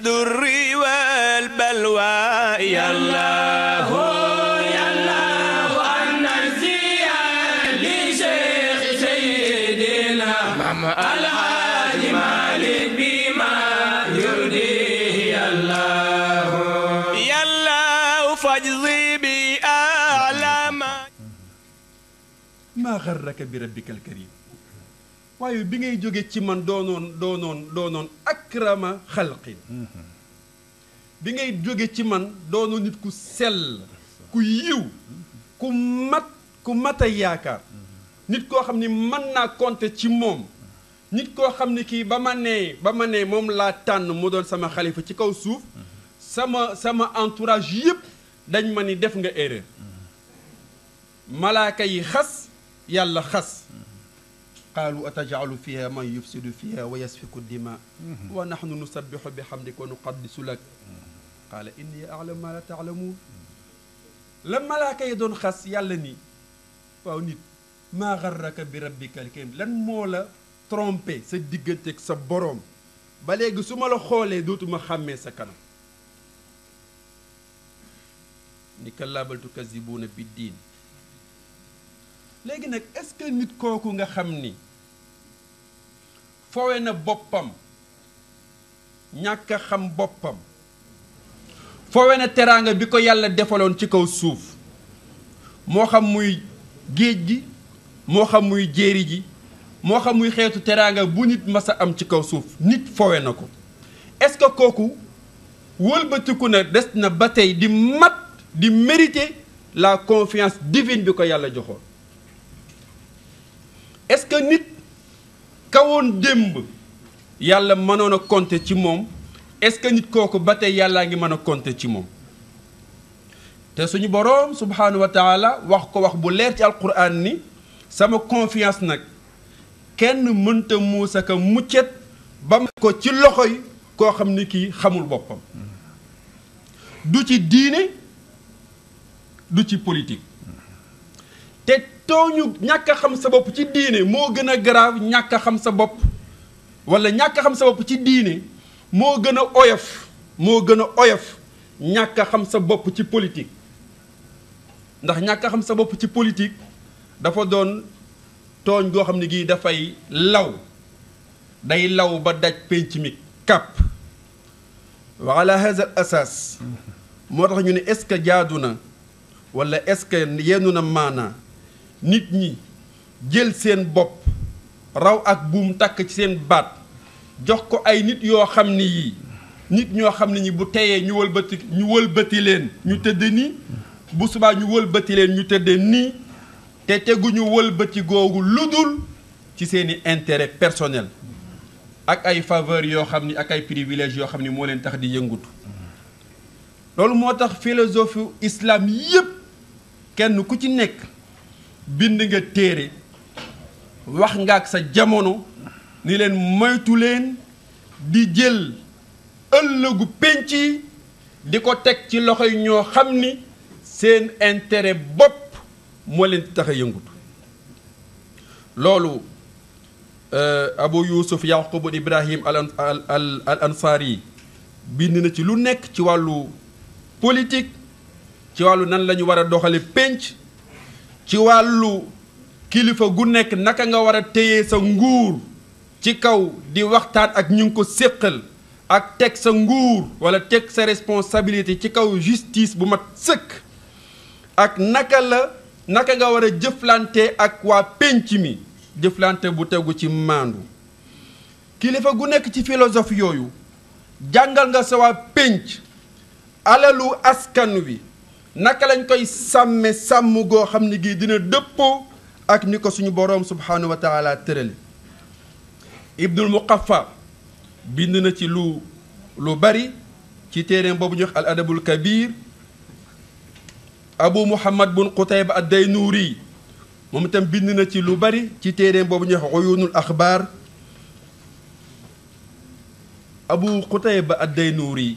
durri wal balwa yàlla maa xarraka bi rabbikal karim waaye bi ngay jóge ci man doonoon doonoon doonoon akrama xalqin mhm. bi ngay jóge ci man doonu nit ku sell ku yiw ku mat ku mat yaakaar mhm. nit koo xam ni mën naa konte ci moom nit koo xam ni kii ba ma nee ba ma nee moom laa tànn mu doon sama xalifa ci kaw suuf mhm. sama sama entourage yépp dañ ma ni def nga erreur malaaka yi xas yàlla xas qaalu atajalu fiha man yufsidu fiha wa yasfiku dima wa nahnu nusabixu bihamdika wa nuqaddisu lak qaala inni alamu ma la taalamuun la malaaka yi doon xas yàlla ni waaw nit maa garraka bi rabbika alkarim lan moo la trompé sa digganteeg sa boroom ba léegi su ma la xoolee dootuma xàmmee sa kanam ni kallaa bal tukazzibuuna biddiin léegi nag est-ce que nit kooku nga xam ni fowe na boppam ñàkk xam boppam fowe na teraanga bi ko yàlla defaloon ci kaw suuf moo xam muy géej gi moo xam muy jéeri ji moo xam muy xeetu teraanga bu nit mas am ci kaw suuf nit foowe na ko est-ce que kooku wëlbatiku na des na ba tey di mat di mériter la confiance divine bi ko yàlla joxoon que nit kawoon démb yàlla mënoon a compter ci moom est-ce que nit kooku ba tey yàllaa ngi mën a ci moom te suñu boroom subhaanahu wa taala wax ko wax bu leer ci alquran ni sama confiance nag kenn mënta muusa ko muccet ba ma ko ci loxoy koo xam ni kii xamul boppam du ci diine du ci politik tooñu ñàkk a xam sa bopp ci diine moo gën a grave ñàkk xam sa bopp wala ñàkk xam sa bopp ci diine moo gën a oyof moo gën a oyof ñàkk xam sa bopp ci politique ndax ñàkk xam sa bopp ci politique dafa doon tooñ goo xam ne gii dafay law day law ba daj penc mi kàpp wa ala asas moo tax ñu ne est-ce que jaadu na wala est-ce na maanaa nit ñi jël seen bopp raw ak buum takk ci seen baat jox ko ay nit yoo xam ni yii nit ñoo xam ne ñi bu teyee ñu wëlbati ñu wëlbati leen ñu tëdd nii bu subaa ñu wëlbati leen ñu tëdd nii te teguñu wëlbati googu dul ci seeni intérêt personnel ak ay faveur yoo xam ne ak ay privilèges yoo xam ne moo leen tax di yëngutu loolu moo tax philosophie islam yépp kenn ku ci nekk bind nga téere wax nga ak sa jamono ni leen moytu leen di jël ëllëgu pénc yi di ko teg ci loxo yi ñoo xam ni seen intérêt bopp moo leen tax a loolu euh, Abu Yusuf Yaqub Ibrahim al al al Ansari bind na ci lu nekk ci wàllu politik ci wàllu nan lañu ñu war a doxale penc ci wàllu kilifa gu nekk naka nga war a téye sa nguur ci kaw di waxtaan ak ñu ngi ko séqal ak teg sa nguur wala teg sa responsabilité ci kaw justice bu mat sëkk ak naka la naka nga war a jëflante ak waa pénc mi jëflante bu tegu ci maandu kilifa gu nekk ci philosophe yooyu jàngal nga sa waa pénc alalu askan wi naka lañ koy sàmme sàmm goo xam ne gii dina dëppoo ak ni ko suñu boroom subhaanahu wa taala tërale ibnul muqaffa bind na ci lu lu bari ci téeréem boobu ñu wax al adabul kabir abu muhammad bun qutayba ad daynuuri moom itam bind na ci lu bari ci téeréem boobu ñu wax uyunul axbaar abu qutayba ad yi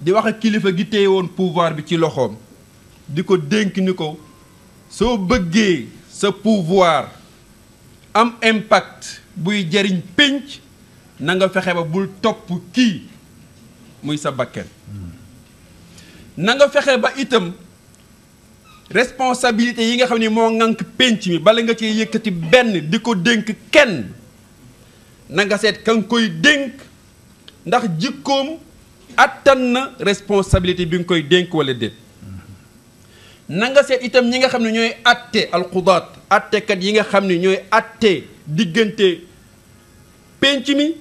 di wax ak kilifa gi téye woon pouvoir bi ci loxoom di ko dénk ni ko soo bëggee sa pouvoir am impact buy jariñ pénc nanga fexe ba bul topp kii muy sa bakket na nga fexe ba itam responsabilité yi nga xam ni moo ŋànk pénc mi bala nga cee yëkkati benn di ko dénk kenn na nga seet ka nga koy dénk ndax jikkoom attan na responsabilité bi nga koy dénk wala déet na nga seet itam ñi nga xam ne ñooy atte alxudaat attekat yi nga xam ne ñooy atte diggante pénc mi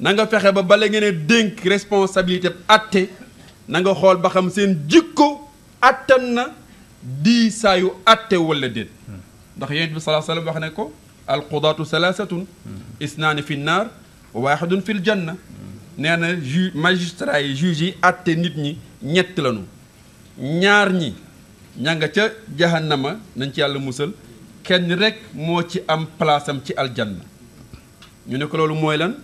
na nga fexe ba bala ngeen a dénk responsabilité atte na nga xool ba xam seen jikko attan na dii saa yu atte wala déet ndax yonent bi salaa sallam wax ne ko alxudaatu salaasatun isnaani fi nnaar wa waaxidun fi l nee na ju magistrat yi juge yi àtte nit ñi ñett lañu ñaar ñi ña nga ca jahannama nañ ci yàlla musal kenn rekk moo ci am place ci aljanna ñu ne ko loolu mooy lan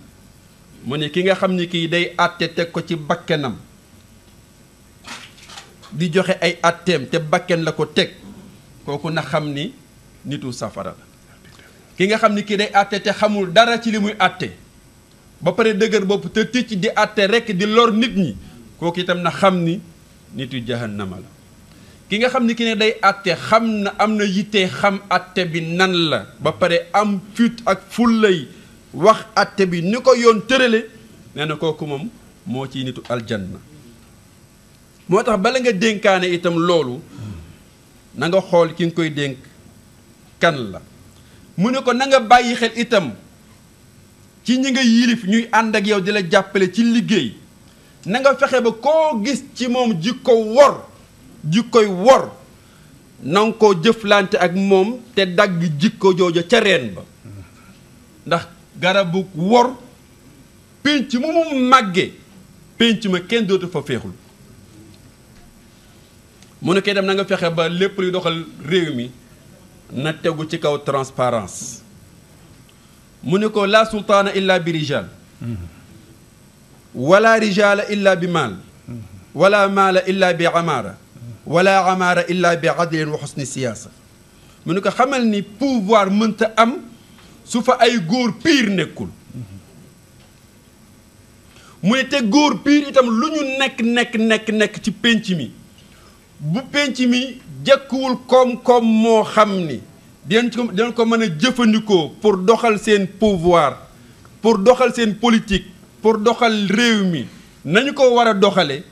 mu ne ki nga xam ni kii day àtte teg ko ci bakkenam di joxe ay àtteem te bakken la ko teg kooku na xam ni nitu safara la ki nga xam ni kii day àtte te xamul dara ci li muy àtte ba pare dëgër bopp te ticc di àtte rekk di lor nit ñi kooku itam na xam ni nitu jahannama la ki nga xam ni ki ne day àtte xam na am na yitte xam àtte bi nan la ba pare am fit ak fullay wax àtte bi ni ko yoon tërale nee na kooku moom moo ci nitu aljanna moo tax bala nga dénkaane itam loolu nanga xool ki nga koy dénk kan la mu ne ko nanga bàyyi xel itam ci ñi nga yilif ñuy ànd ak yow di la jàppale ci liggéey nanga fexe ba koo gis ci moom jikko wor jikkoy wor na ko jëflante ak moom te dagg jikko jooja ca reen ba ndax garabu wor pénc mu mu màggee pénc ma kenn dootu fa féexul mu ne koy dem na nga fexe ba lépp luy doxal réew mi na tegu ci kaw transparence mu ni ko laa sultaana illa bi rijal wala rijala illa bi maal wala maala illa bi amaara wala amaara illa bi adlin wa xusni siyaasa mu ni ko xamal ni pouvoir mënta am su fa ay góor piir nekkul mu ne itam lu ñu nekk nekk nekk nekk ci pénc mi bu pénc mi jëkkuwul koom-koom moo xam ni dinañ ko dinañ ko mën a jëfandikoo pour doxal seen pouvoir pour doxal seen politique pour doxal réew mi nañu ko war a doxale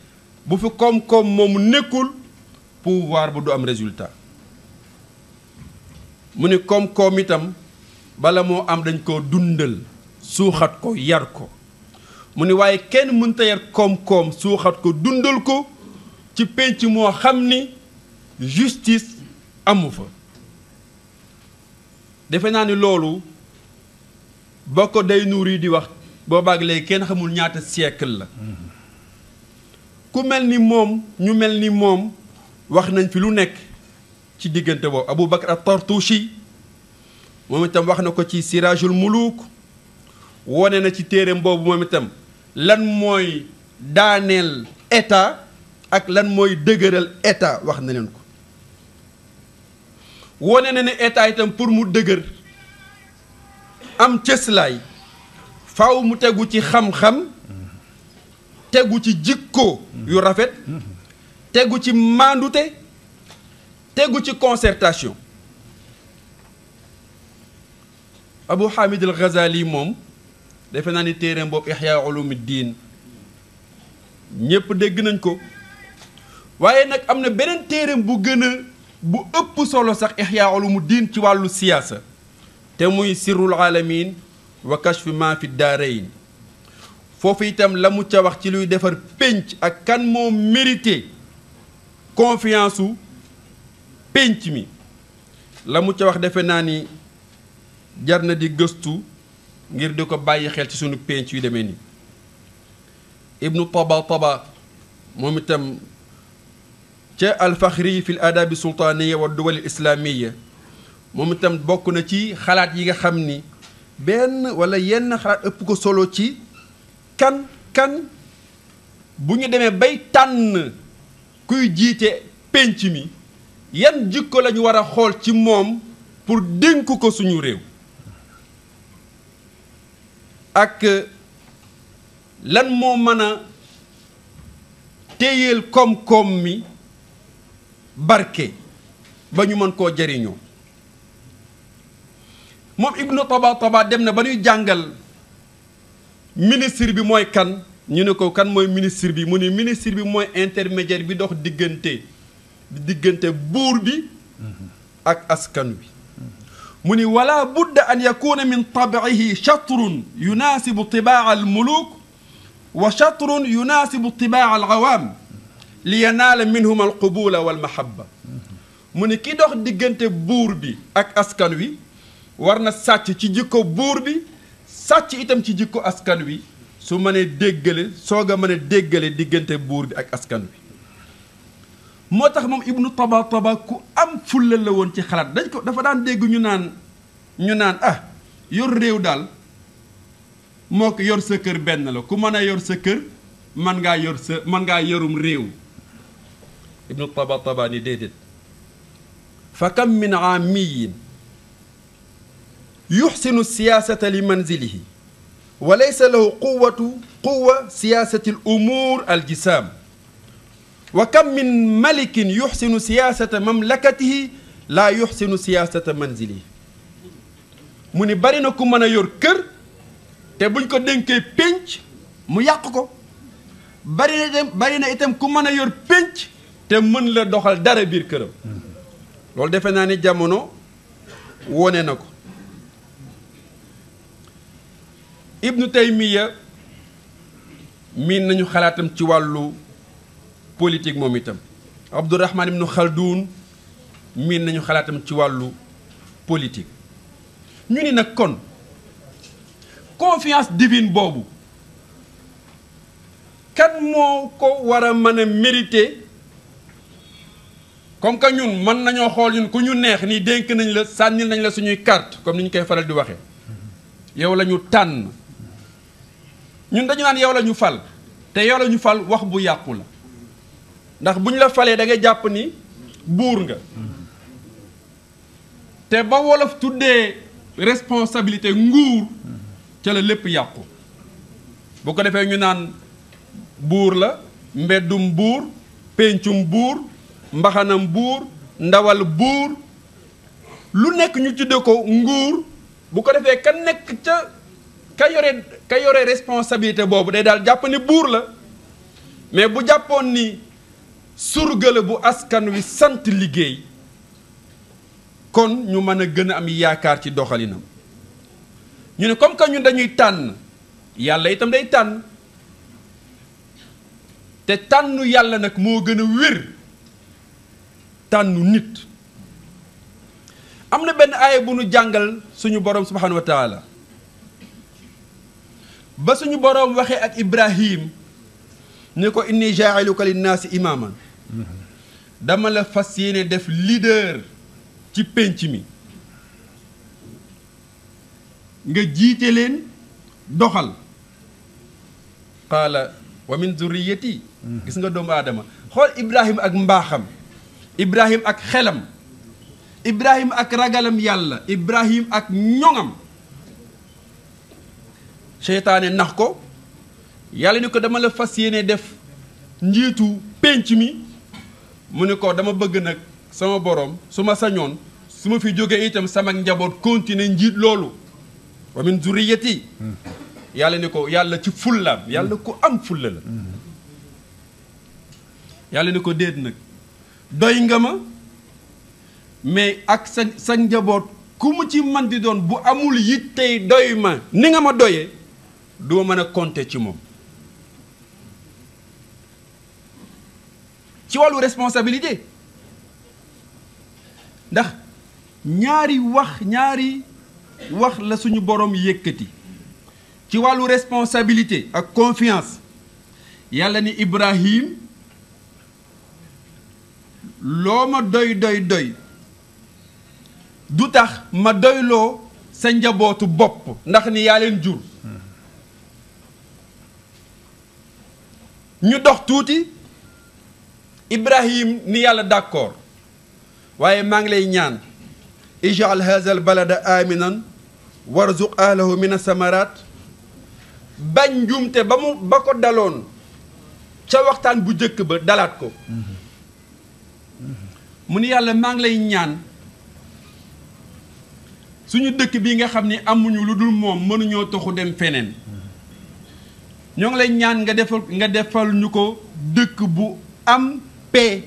bu fi koom-koom moomu nekkul pouvoir bu du am résultat mu ne koom-koom itam bala moo am dañ ko dundal suuxat ko yar ko mu ne waaye kenn mënta yar koom-koom suuxat ko dundal ko ci pénc moo xam ni justice amu fa defe naa ni loolu ko day nuur yi di wax boobaag léegi kenn xamul ñaata siècle la ku mel ni moom ñu mel ni moom wax nañ fi lu nekk ci diggante boobu Abu Bakar at-Tartushi moom itam wax na ko ci Sirajul Muluk wone na ci téereem boobu moom itam lan mooy daaneel état ak lan mooy dëgëral état wax na ko wone na ne état itam pour mu dëgër am cëslaay faw mu tegu ci xam-xam tegu ci jikko yu rafet tegu ci maandute tegu ci concertation Abu Hamid al Ghazali moom defe naa ni téereem boobu Ihya Ulumuddin ñépp dégg nañ ko waaye nag am na beneen téereem bu gën a bu ëpp solo sax mu ulumuddin ci wàllu siyaasa te muy sirrul alamin wa kashfi ma fi daarayn foofu itam la mu ca wax ci luy defar pénc ak kan moom mérité confiance su pénc mi la mu ca wax defe naa ni jar na di gëstu ngir di ko bàyyi xel ci sunu pénc yu demee nii ibnu taba taba moom itam ca alfaxri fi l aadabi sultaaniya wa duwal islaamiya moom itam bokk na ci xalaat yi nga xam ni benn walla yenn xalaat ëpp ko solo ci kan kan bu ñu demee bay tànn kuy jiite pénc mi yan jikko la ñu war a xool ci moom pour dénk ko suñu réew ak lan moo mën a téyeel koom-koom mi barke ba ñu mën koo jariñoo moom ibnu toba dem na ba ñuy jàngal ministre bi mooy kan ñu ne ko kan mooy ministre bi mu ne ministre bi mooy intermédiaire bi dox diggante diggante buur bi ak askan wi mu ni wala budda an yakuna min tabiihi chatrun yunaasibu tibaa al muluk wa chatrun yunaasibu tibaa al awaam li yanaala minhum al qubula wal mahabba mu ne kii dox diggante buur bi ak askan wi war na sàcc ci jikko buur bi sàcc itam ci jikko askan wi su mënee déggale soog a mën a déggale diggante buur bi ak askan wi moo tax moom ibnu taba taba ku am fulla la woon ci xalaat dañ ko dafa daan dégg ñu naan ñu naan ah yor réew daal moo ko yor sa kër benn la ku mën a yor sa kër mën ngaa yor sa mën ngaa yorum réew ibnu taba tabaani déedéet fa kam min aamiyin yuxsinu siyaasata li manzilihi wa laysa lahu quwatu quwa siyaasati al umuur al jisaam wa kam min malikin yuxsinu siyaasata mamlakatihi laa yuxsinu siyaasata manzilihi mu ni bari na ku mën a yor kër te buñ ko dénkee pénc mu yàq ko bari na bari na itam ku mën a yor pénc te mën la doxal dara biir këram loolu defe naa ni jamono wone na ko ibnu taymiya miin nañu xalaatam ci wàllu politique moom itam abdourahman ibnu xalduun miin nañu xalaatam ci wàllu politik ñu ni nag kon confiance divine boobu kan moo ko war a mën a mérité comme que ñun mën nañoo xool ñun ku ñu neex nii dénk nañ la sànnil nañ la suñuy carte comme ni ñu koy faral di waxe yow lañu ñu tànn ñun dañu naan yow lañu fal te yow la ñu fal wax bu yàqu la ndax bu ñu la falee da ngay jàpp ni buur nga te ba wolof tuddee responsabilité nguur ca la lépp yàqu bu ko defee ñu naan buur la mbeddum buur péncum buur mbaxanam buur ndawal buur lu nekk ñu tudde ko nguur bu ko defee ka nekk ca ka yore ka yore responsabilité boobu day daal jàpp ni buur la mais bu jàppoon ni surga la bu askan wi sant liggéey kon ñu mën a gën a am yaakaar ci doxalinam ñu ne comme que ñun dañuy tànn yàlla itam day tànn te tànnu yàlla nag moo gën a wér tànnu nit am na benn aaya bu nu jàngal suñu boroom subhanahu wa ba suñu boroom waxee ak Ibrahim ni ko indi jaa'iluka linnaasi imaaman dama la fas yéene def leader ci pénc mi nga jiite leen doxal qaala wa min gis nga doomu aadama xool Ibrahim ak mbaaxam ibrahim ak xelam ibrahim ak ragalam yàlla ibrahim ak ñoŋam seytaane nax ko yàlla ni ko dama la fas yéene def njiitu pénc mi mu ne ko dama bëgg nag sama boroom su ma sañoon su ma fi jógee itam sama njaboot continuer njiit loolu wa min yàlla ni ko yàlla ci fullaam yàlla ko am fulla la mm-hmm. yàlla ni ko déet nag doy nga ma mais ak sa sa njaboot ku mu ci man di doon bu amul yit tey doy ma ni nga ma doyee duma mën a compter ci moom ci wàllu responsabilité ndax ñaari wax ñaari wax la suñu borom yëkkati ci wàllu responsabilité ak confiance yàlla ni Ibrahim loo ma doy doy doy du tax ma doyloo sa njabootu bopp ndax ni yaa leen jur ñu dox tuuti Ibrahim ni yàlla d'accord waaye maa ngi lay ñaan ijal haza al balada aminan warzuq ahlahu min asamarat bañ njumte ba mu ba ko daloon ca waxtaan bu jëkk ba dalaat ko mm-hmm. mu ni yàlla maa ngi lay ñaan suñu dëkk bi nga xam ni amuñu lu dul moom mënuñoo toxu dem feneen ñoo ngi lay ñaan nga defal nga defal ñu ko dëkk bu am paix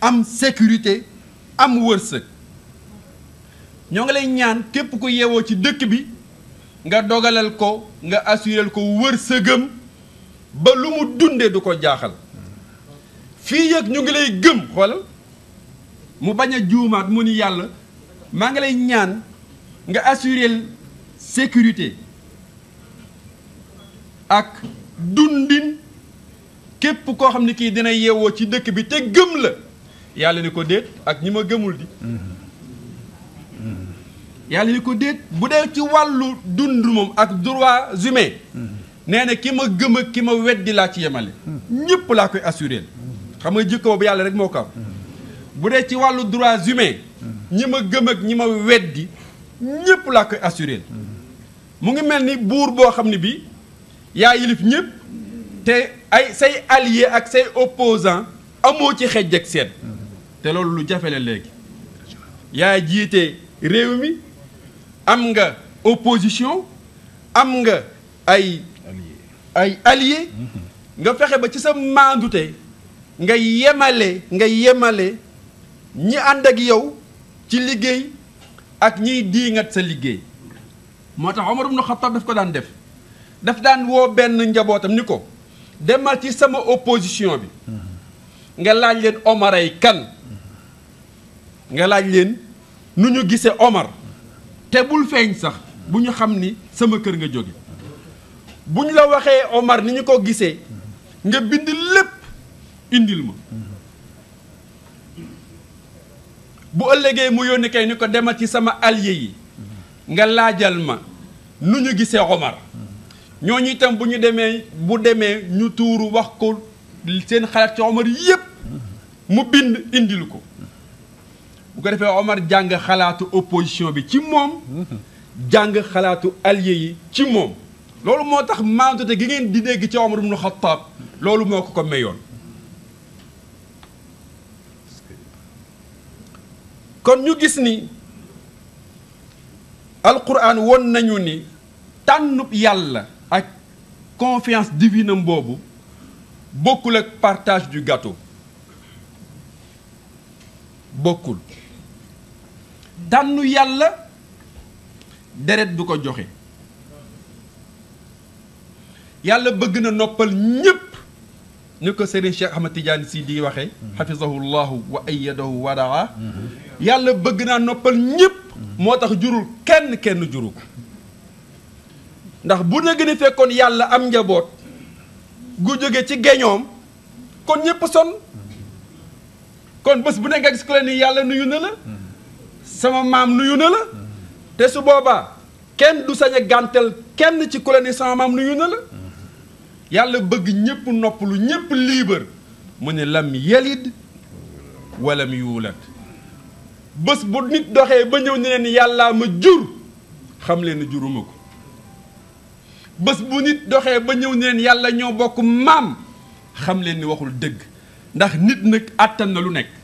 am sécurité am wërsëg ñoo ngi lay ñaan képp ko yeewoo ci dëkk bi nga dogalal ko nga assurel ko wërsëgam ba lu mu dunde du ko jaaxal fii yëg ñu ngi lay gëm xoolal mu bañ a juumaat mu ni yàlla maa ngi lay ñaan nga assurer sécurité ak dundin képp koo xam ne kii dina yeewoo ci dëkk bi te gëm la yàlla ni ko déet ak ñi ma gëmul di yàlla ni ko déet bu dee ci wàllu dund moom ak droits humains nee na ki ma gëm ki ma weddi laa ci yemale ñëpp laa koy assurer xam nga jikko boobu yàlla rek moo ko am bu dee ci wàllu droits humains ñi ma gëm ñi ma weddi ñëpp laa koy assuré mu ngi mel ni buur boo xam ne bi yaa yilif ñëpp te ay say alliés ak say opposants amoo ci xej ak seet te loolu lu jafe la léegi yaa jiite réew mi am nga opposition am nga ay ay alliés nga fexe ba ci sa maandute nga yemale nga yemale ñi ànd ak yow ci liggéey ak ñiy diingat sa liggéey moo tax Omar ibn Khattab daf ko daan def daf daan woo benn njabootam ni ko demal ci sama opposition bi nga laaj leen Omar ay kan nga laaj leen nu ñu gisee Omar te bul feeñ sax bu ñu xam ni sama kër nga jóge bu ñu la waxee Omar ni ñu ko gisee nga bind lépp indil ma bu ëllëgee mu yónni kay ni ko demal ci sama allié yi nga laajal ma nu ñu gisee Omar ñooñu itam bu ñu demee bu demee ñu tuuru wax ko seen xalaat ci Omar yépp mu bind indil ko bu ko defee Omar jàng xalaatu opposition bi ci moom jàng xalaatu allié yi ci moom loolu moo tax maandute gi ngeen di dégg ci Omar ibn Khattab loolu moo ko ko mayoon kon ñu gis ni alquran woon nañu ni tànnub yàlla ak confiance divine mboobu boobu bokkul ak partage du gâteau bokkul tànn yàlla deret du ko joxe yàlla bëgg na noppal ñépp ni ko Serigne Cheikh Ahmad Tidiane si di waxee xafizahu llahu wa ayadahu wadaa yàlla bëgg naa noppal ñëpp moo tax jurul kenn kenn juru ko ndax bu na gën fekkoon yàlla am njaboot gu jóge ci geñoom kon ñëpp son kon bés bu ne nga gis ku la ni yàlla nuyu na la sama maam nuyu na la te su boobaa kenn du sañ a gàntal kenn ci ku la ni sama maam nuyu na la yàlla bëgg ñëpp noppalu ñëpp liibër mu ne lam yalid walam yuulat bés bu nit doxee ba ñëw ne leen yàllaa ma jur xam leen juruma ko bés bu nit doxee ba ñëw ne leen yàlla ñoo bokk maam xam leen ni waxul dëgg ndax nit nag àttan na lu nekk